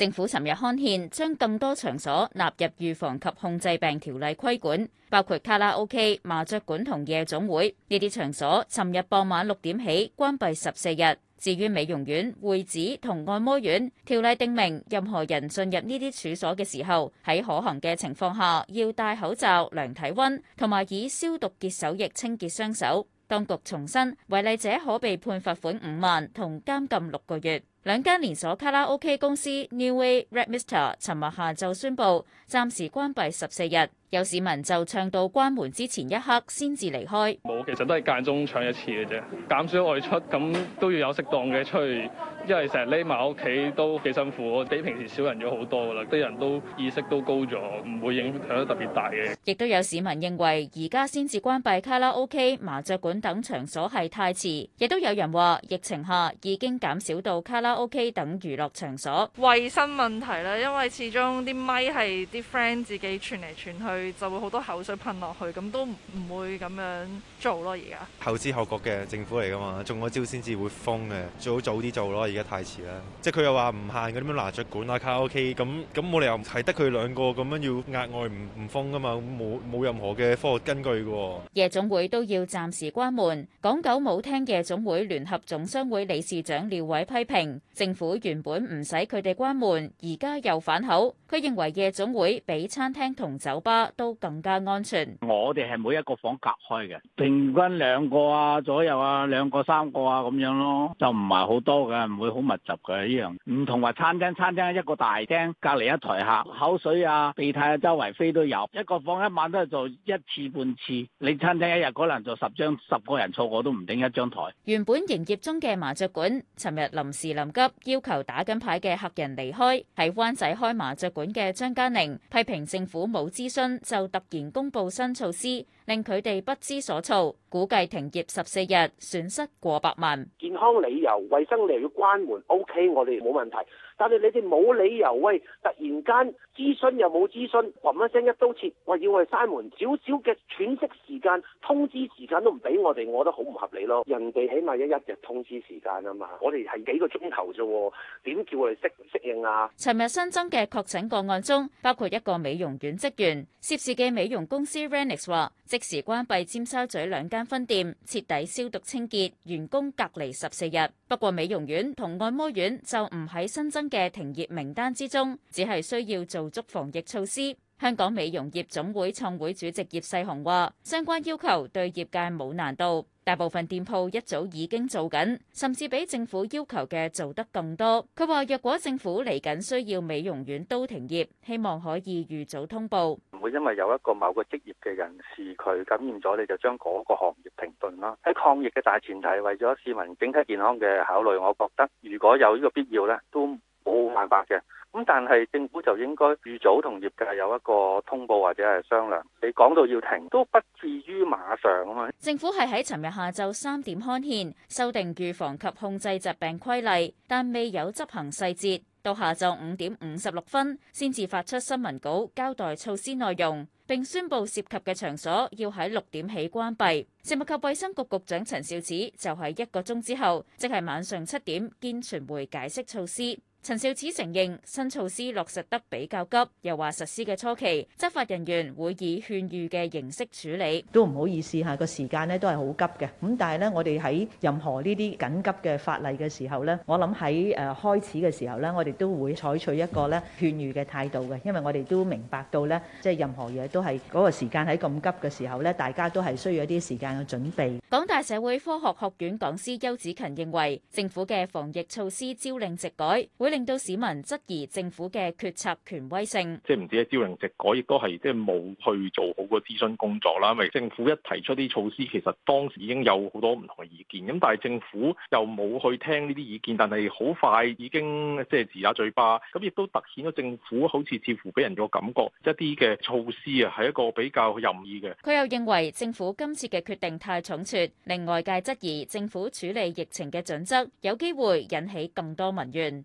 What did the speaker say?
政府尋日刊憲，將更多場所納入預防及控制病條例規管，包括卡拉 OK、麻雀館同夜總會。呢啲場所尋日傍晚六點起關閉十四日。至於美容院、會址同按摩院，條例定明任何人進入呢啲處所嘅時候，喺可行嘅情況下要戴口罩、量體温同埋以消毒潔手液清潔雙手。當局重申，違例者可被判罰款五萬同監禁六個月。兩間連鎖卡拉 OK 公司 Neway、Red Mister 尋日下晝宣布暫時關閉十四日。有市民就唱到關門之前一刻先至離開，冇，其實都係間中唱一次嘅啫，減少外出，咁都要有適當嘅出去，因為成日匿埋屋企都幾辛苦，比平時少人咗好多噶啦，啲人都意識都高咗，唔會影響得特別大嘅。亦都有市民認為而家先至關閉卡拉 OK、麻雀館等場所係太遲，亦都有人話疫情下已經減少到卡拉 OK 等娛樂場所，衞生問題啦，因為始終啲咪係啲 friend 自己串嚟串去。佢就會好多口水噴落去，咁都唔會咁樣做咯。而家後知後覺嘅政府嚟噶嘛，中咗招先至會封嘅，最好早啲做咯。而家太遲啦。即係佢又話唔限嗰啲咩麻雀館啊、卡拉 OK 咁咁，冇理由係得佢兩個咁樣要額外唔唔封噶嘛，冇冇任何嘅科學根據嘅。夜總會都要暫時關門，港九舞廳夜總會聯合總商會理事長廖偉批評政府原本唔使佢哋關門，而家又反口。佢認為夜總會比餐廳同酒吧都更加安全。我哋係每一個房隔開嘅，平均兩個啊左右啊，兩個三個啊咁樣咯，就唔係好多嘅，唔會好密集嘅呢樣。唔同話餐廳，餐廳一個大廳，隔籬一台客，口水啊、鼻涕啊周圍飛都有。一個房一晚都係做一次半次。你餐廳一日可能做十張十個人坐，我都唔頂一張台。原本營業中嘅麻雀館，尋日臨時臨急要求打緊牌嘅客人離開。喺灣仔開麻雀館嘅張嘉寧批評政府冇諮詢。就突然公布新措施，令佢哋不知所措，估計停業十四日，損失過百萬。健康理由、衛生你又要關門，OK，我哋冇問題。但係你哋冇理由，喂，突然間諮詢又冇諮詢，冚一聲一刀切，我要我哋閂門，少少嘅喘息時間、通知時間都唔俾我哋，我覺得好唔合理咯。人哋起碼一一日通知時間啊嘛，我哋係幾個鐘頭啫，點叫我哋適適應啊？尋日新增嘅確診個案中，包括一個美容院職員。涉事嘅美容公司 Renix 話即時關閉尖沙咀兩間分店，徹底消毒清潔，員工隔離十四日。不過美容院同按摩院就唔喺新增嘅停業名單之中，只係需要做足防疫措施。香港美容業總會創會主席葉世雄話，相關要求對業界冇難度，大部分店鋪一早已經做緊，甚至比政府要求嘅做得更多。佢話：若果政府嚟緊需要美容院都停業，希望可以預早通報。唔會因為有一個某個職業嘅人士佢感染咗，你就將嗰個行業停頓啦。喺抗疫嘅大前提，為咗市民整體健康嘅考慮，我覺得如果有呢個必要咧，都冇辦法嘅。咁但係政府就應該預早同業界有一個通報或者係商量，你講到要停，都不至於馬上啊嘛。政府係喺尋日下晝三點刊憲修訂預防及控制疾病規例，但未有執行細節。到下晝五點五十六分，先至發出新聞稿交代措施內容，並宣布涉及嘅場所要喺六點起關閉。食物及衛生局局長陳肇始就係一個鐘之後，即係晚上七點見傳媒解釋措施。陳肇始承認新措施落實得比較急，又話實施嘅初期，執法人員會以勸喻嘅形式處理，都唔好意思吓個時間呢都係好急嘅。咁但係呢，我哋喺任何呢啲緊急嘅法例嘅時候呢，我諗喺誒開始嘅時候呢，我哋都會採取一個呢勸喻嘅態度嘅，因為我哋都明白到呢，即係任何嘢都係嗰個時間喺咁急嘅時候呢，大家都係需要一啲時間嘅準備。港大社會科學學院講師邱子勤認為，政府嘅防疫措施朝令夕改會。令到市民質疑政府嘅決策權威性，即係唔止一朝令夕改，亦都係即係冇去做好個諮詢工作啦。因為政府一提出啲措施，其實當時已經有好多唔同嘅意見，咁但係政府又冇去聽呢啲意見，但係好快已經即係自打嘴巴，咁亦都凸顯咗政府好似似乎俾人個感覺一啲嘅措施啊，係一個比較任意嘅。佢又認為政府今次嘅決定太倉促，令外界質疑政府處理疫情嘅準則，有機會引起更多民怨。